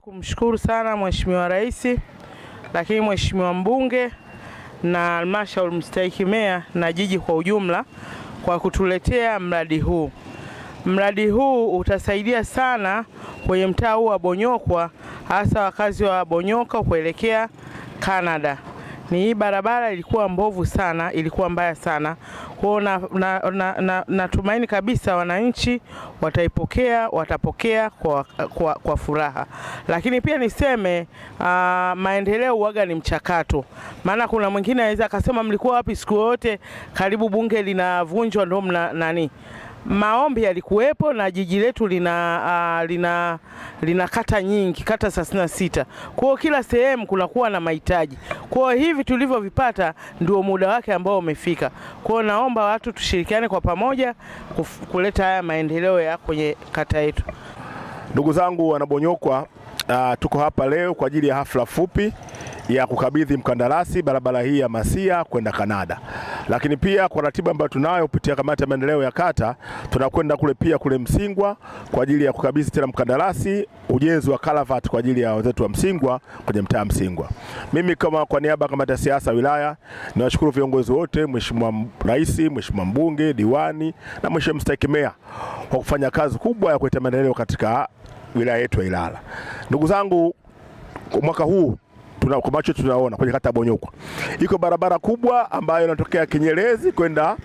Kumshukuru sana Mheshimiwa Rais, lakini Mheshimiwa mbunge na halmashauri mstahiki meya na jiji kwa ujumla kwa kutuletea mradi huu. Mradi huu utasaidia sana kwenye mtaa huu wa Bonyokwa, hasa wakazi wa Bonyoka kuelekea kanada Ni hii barabara ilikuwa mbovu sana, ilikuwa mbaya sana. Kwao natumaini na, na, na, na kabisa wananchi wataipokea, watapokea kwa, kwa, kwa furaha. Lakini pia niseme uh, maendeleo uwaga ni mchakato, maana kuna mwingine anaweza akasema mlikuwa wapi siku yote, karibu bunge linavunjwa ndio mna nani maombi yalikuwepo na jiji letu lina, uh, lina, lina kata nyingi, kata thelathini na sita. Kwa hiyo kila sehemu kunakuwa na mahitaji. Kwa hiyo hivi tulivyovipata ndio muda wake ambao umefika. Kwa hiyo naomba watu tushirikiane kwa pamoja kuf, kuleta haya maendeleo ya kwenye kata yetu. Ndugu zangu wanabonyokwa, uh, tuko hapa leo kwa ajili ya hafla fupi ya kukabidhi mkandarasi barabara hii ya Masia kwenda Kanada. Lakini pia kwa ratiba ambayo tunayo kupitia kamati ya maendeleo ya kata, tunakwenda kule pia kule Msingwa kwa ajili ya kukabidhi tena mkandarasi ujenzi wa kalavati kwa ajili ya wenzetu wa Msingwa kwenye mtaa Msingwa. Mimi kama kwa niaba ya kamati ya siasa wilaya niwashukuru viongozi wote, Mheshimiwa Rais, Mheshimiwa mbunge, diwani na Mheshimiwa mstahiki meya kwa kufanya kazi kubwa ya kuleta maendeleo katika wilaya yetu ya Ilala. Ndugu zangu, mwaka huu tuna, kwa macho tunaona kwenye kata Bonyokwa iko barabara kubwa ambayo inatokea Kinyerezi kwenda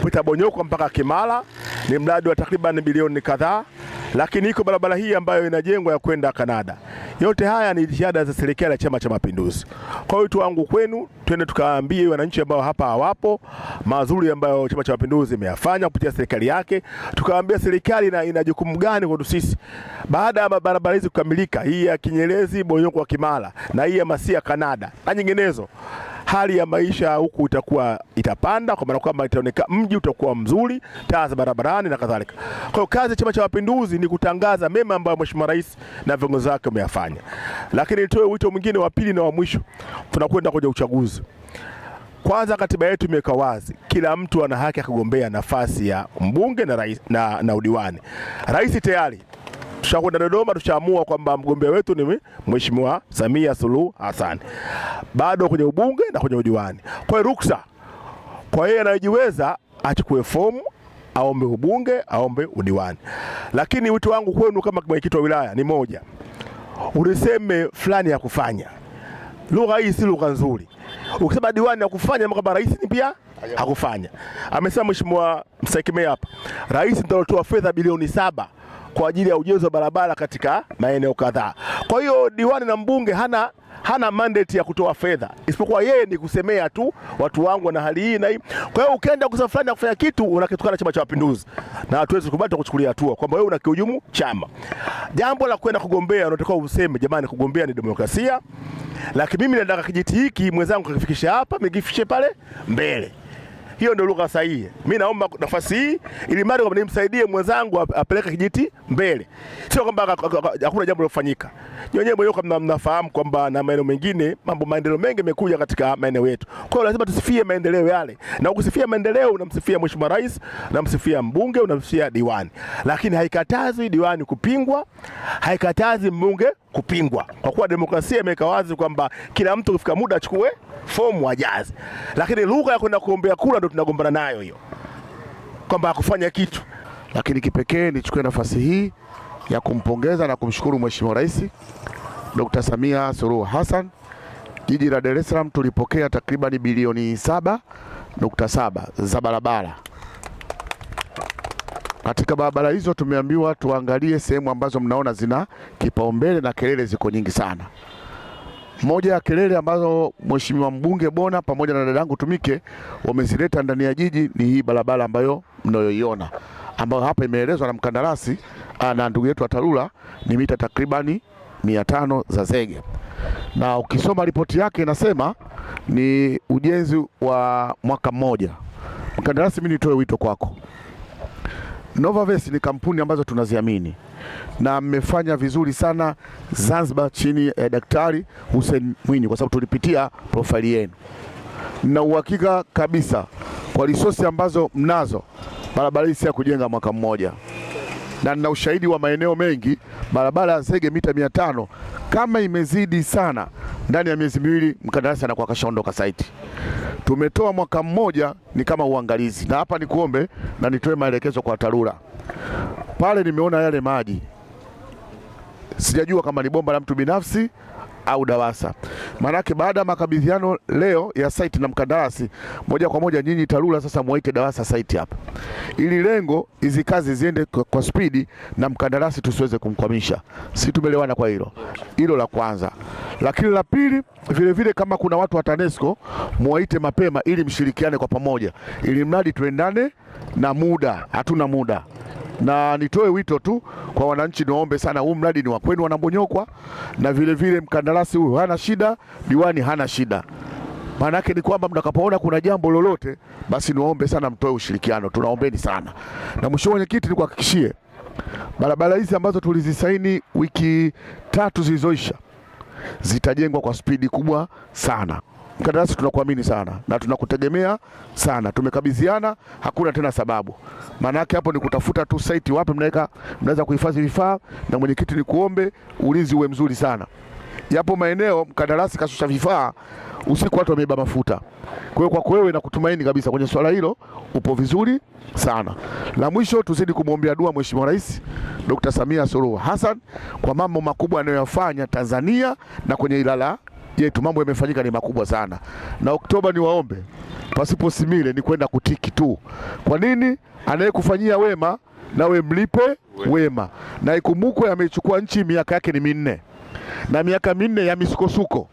kupita Bonyokwa mpaka Kimara. Ni mradi wa takriban bilioni kadhaa lakini iko barabara hii ambayo inajengwa ya kwenda Kanada. Yote haya ni jitihada za serikali ya Chama cha Mapinduzi. Kwa hiyo wangu kwenu, twende tukaambie wananchi ambao hapa hawapo mazuri ambayo Chama cha Mapinduzi imeyafanya kupitia serikali yake, tukaambia serikali ina, ina jukumu gani kwetu sisi baada ya barabara hizi kukamilika, hii ya Kinyerezi Bonyokwa Kimara na hii ya Masia Kanada na nyinginezo hali ya maisha huku itakuwa itapanda, kwa maana kwamba itaonekana mji utakuwa mzuri, taa za barabarani na kadhalika. Kwa hiyo kazi ya Chama cha Mapinduzi ni kutangaza mema ambayo Mheshimiwa Rais na viongozi wake wameyafanya, lakini nitoe wito mwingine wa pili na wa mwisho. Tunakwenda kwenye uchaguzi. Kwanza, katiba yetu imeweka wazi kila mtu ana haki ya kugombea nafasi ya mbunge na rais, na, na udiwani. Rais tayari tushakwenda Dodoma, tushaamua kwamba mgombea wetu ni Mheshimiwa Samia Suluhu Hassan, bado kwenye ubunge na kwenye udiwani. Kwa hiyo ruksa kwa yeye anayejiweza achukue fomu aombe ubunge aombe udiwani. Lakini wito wangu kwenu kama mwenyekiti wa wilaya ni moja, uliseme fulani ya kufanya. Lugha hii si lugha nzuri. Ukisema diwani ya kufanya kwamba rais ni pia hakufanya. Amesema mheshimiwa Msaikime hapa, rais ndio alitoa fedha bilioni saba kwa ajili ya ujenzi wa barabara katika maeneo kadhaa. Kwa hiyo diwani na mbunge hana hana mandate ya kutoa fedha isipokuwa yeye ni kusemea tu watu wangu na hali hii na hii. Kwa hiyo ukienda kusema fulani kufanya kitu unakitukana na Chama cha Mapinduzi, na hatuwezi kubali kuchukulia hatua kwamba wewe unakihujumu chama. Jambo la kwenda kugombea, unatakiwa useme jamani, kugombea ni demokrasia, lakini mimi nataka kijiti hiki mwenzangu kakifikisha hapa, mikifikishe pale mbele. Hiyo ndio lugha sahihi. Mimi naomba nafasi hii ili mradi kwamba nimsaidie mwenzangu apeleke kijiti mbele, sio kwamba hakuna jambo lilofanyika. mwenyewe wenyewe mnafahamu kwamba na maeneo mengine mambo maendeleo mengi yamekuja katika maeneo yetu, kwa hiyo lazima tusifie maendeleo yale, na ukisifia maendeleo unamsifia Mheshimiwa Rais, unamsifia mbunge, unamsifia diwani, lakini haikatazi diwani kupingwa, haikatazi mbunge kupingwa, kwa kuwa demokrasia imeweka wazi kwamba kila mtu kufika muda achukue fomu ajaze, lakini lugha ya kwenda kuombea kura ndio tunagombana nayo hiyo, kwamba hakufanya kitu. Lakini kipekee nichukue nafasi hii ya kumpongeza na kumshukuru Mheshimiwa Rais Dr. Samia Suluhu Hassan. Jiji la Dar es Salaam tulipokea takribani bilioni saba nukta saba za barabara. Katika barabara hizo tumeambiwa tuangalie sehemu ambazo mnaona zina kipaumbele na kelele ziko nyingi sana. Moja ya kelele ambazo Mheshimiwa mbunge Bona pamoja na dadangu Tumike wamezileta ndani ya jiji ni hii barabara ambayo mnayoiona, ambayo hapa imeelezwa na mkandarasi ah, na ndugu yetu wa TARURA ni mita takribani mia tano za zege, na ukisoma ripoti yake inasema ni ujenzi wa mwaka mmoja. Mkandarasi, mimi nitoe wito kwako Novavest ni kampuni ambazo tunaziamini na mmefanya vizuri sana Zanzibar chini ya eh, Daktari Hussein Mwinyi, kwa sababu tulipitia profaili yenu na uhakika kabisa kwa risosi ambazo mnazo, barabara hii si ya kujenga mwaka mmoja, na nina ushahidi wa maeneo mengi, barabara ya zege mita mia tano kama imezidi sana, ndani ya miezi miwili mkandarasi anakuwa kashaondoka saiti tumetoa mwaka mmoja ni kama uangalizi, na hapa nikuombe na nitoe maelekezo kwa TARURA. Pale nimeona yale maji, sijajua kama ni bomba la mtu binafsi au DAWASA. Maanake baada ya makabidhiano leo ya site na mkandarasi, moja kwa moja nyinyi TARURA sasa muwaite DAWASA site hapa, ili lengo hizi kazi ziende kwa, kwa spidi na mkandarasi tusiweze kumkwamisha. Si tumeelewana kwa hilo? Hilo la kwanza. Lakini la pili vilevile vile, kama kuna watu wa TANESCO muwaite mapema ili mshirikiane kwa pamoja, ili mradi tuendane na muda, hatuna muda na nitoe wito tu kwa wananchi, niwaombe sana, huu mradi ni wa kwenu wanabonyokwa, na vilevile vile mkandarasi huyu hana shida, diwani hana shida. Maana yake ni kwamba mtakapoona kuna jambo lolote, basi niwaombe sana mtoe ushirikiano, tunaombeni sana. Na mwisho, mwenyekiti, nikuhakikishie barabara hizi ambazo tulizisaini wiki tatu zilizoisha zitajengwa kwa spidi kubwa sana. Mkandarasi, tunakuamini sana na tunakutegemea sana, tumekabidhiana, hakuna tena sababu. Maana yake hapo ni kutafuta tu site wapi mnaweka mnaweza kuhifadhi vifaa, na mwenyekiti, ni kuombe ulinzi uwe mzuri sana yapo maeneo mkandarasi kashusha vifaa usiku watu wameiba mafuta. Kwa hiyo kwako wewe nakutumaini kabisa kwenye swala hilo upo vizuri sana. La mwisho tuzidi kumwombea dua Mheshimiwa Rais Dr. Samia Suluhu Hassan kwa mambo makubwa anayoyafanya Tanzania na kwenye Ilala yetu mambo yamefanyika ni makubwa sana, na Oktoba ni waombe pasipo simile ni kwenda kutiki tu. Kwa nini? Anayekufanyia wema nawe mlipe wema, na ikumbukwe ameichukua nchi miaka yake ni minne na miaka minne ya misukosuko,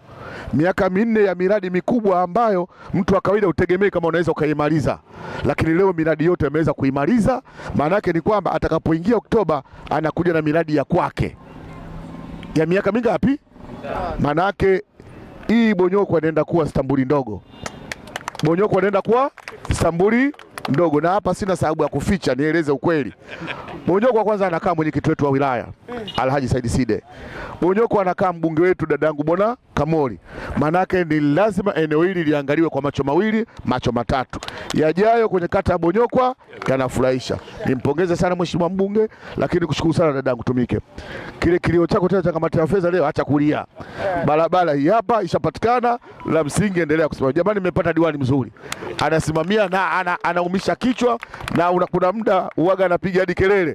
miaka minne ya miradi mikubwa ambayo mtu wa kawaida utegemei kama unaweza ukaimaliza, lakini leo miradi yote ameweza kuimaliza. Maana yake ni kwamba atakapoingia Oktoba anakuja na miradi ya kwake ya miaka mingapi? Maana yake hii Bonyokwa anaenda kuwa Stambuli ndogo, Bonyokwa anaenda kuwa Stambuli mdogo, na hapa sina sababu ya kuficha, nieleze ukweli. Monyoko wa kwanza anakaa mwenyekiti wetu wa wilaya Alhaji Said Side. Monyoko anakaa mbunge wetu dadangu Bona kamori. Manake ni lazima eneo hili liangaliwe kwa macho mawili, macho matatu. Yajayo kwenye kata ya Bonyokwa yanafurahisha. Nimpongeze sana mheshimiwa mbunge, lakini kushukuru sana dadangu Tumike. Kile kilio chako tena cha kamati ya fedha leo, acha kulia. Barabara hii hapa ishapatikana, la msingi endelea kusimamia. Jamani, nimepata diwani mzuri, anasimamia na anaumisha ana, kichwa na una, kuna muda uaga anapiga hadi kelele